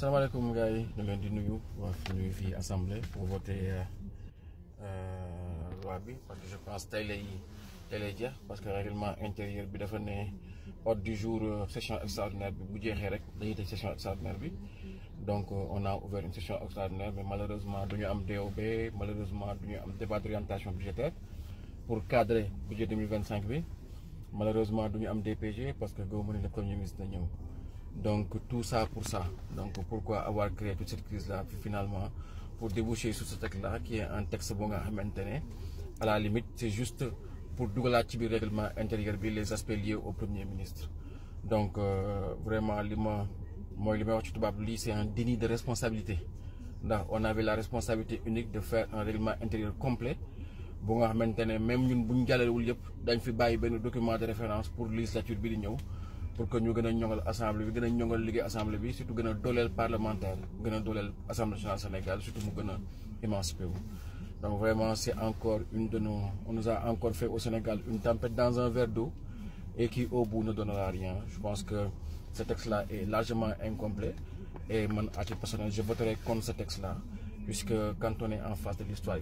salaamaaleykum gars yi ñu leen di nuyu waa nuyu fii assemblée pour voter euh, euh, loi bi parce que je pense tey lay tey lay parce que règlement intérieur bi dafa ne ordre du jour euh, session extraordinaire bi bu jeexee rek dañuy tëj session extraordinaire bi donc on a ouvert une session extraordinaire mais malheureusement duñu am DOB malheureusement duñu am débat d'orientation budgétaire pour cadrer budget 2025 bi malheureusement duñu am DPG parce que gouvernement le premier ministre na ñëw Donc tout ça pour ça. Donc pourquoi avoir créé toute cette crise-là finalement pour déboucher sur ce texte-là qui est un texte bon à maintenir. À la limite, c'est juste pour dugalaat ci biir règlement intérieur bi les aspects liés au premier ministre. Donc euh, vraiment li ma mooy li ma wax ci tubaab li c'est un déni de responsabilité ndax on avait la responsabilité unique de faire un règlement intérieur complet bu nga xamante ne même ñun bu ñu jàllalewul yëpp dañ fi bàyyi benn document de référence pour législature bi di ñëw. pour que ñu gën a ñoŋal assemblée bi gën a ñoŋal liggéey assemblée bi surtout gën a dooleel parlementaire gën a assemblée nationale Sénégal surtout mu gën a émancipé wu. donc vraiment c'est encore une de nos on nous a encore fait au Sénégal une tempête dans un verre d'eau et qui au bout ne donnera rien je pense que ce texte la est largement incomplet et man à titre personnel je voterai contre ce texte-là puisque quand on est en face de l'histoire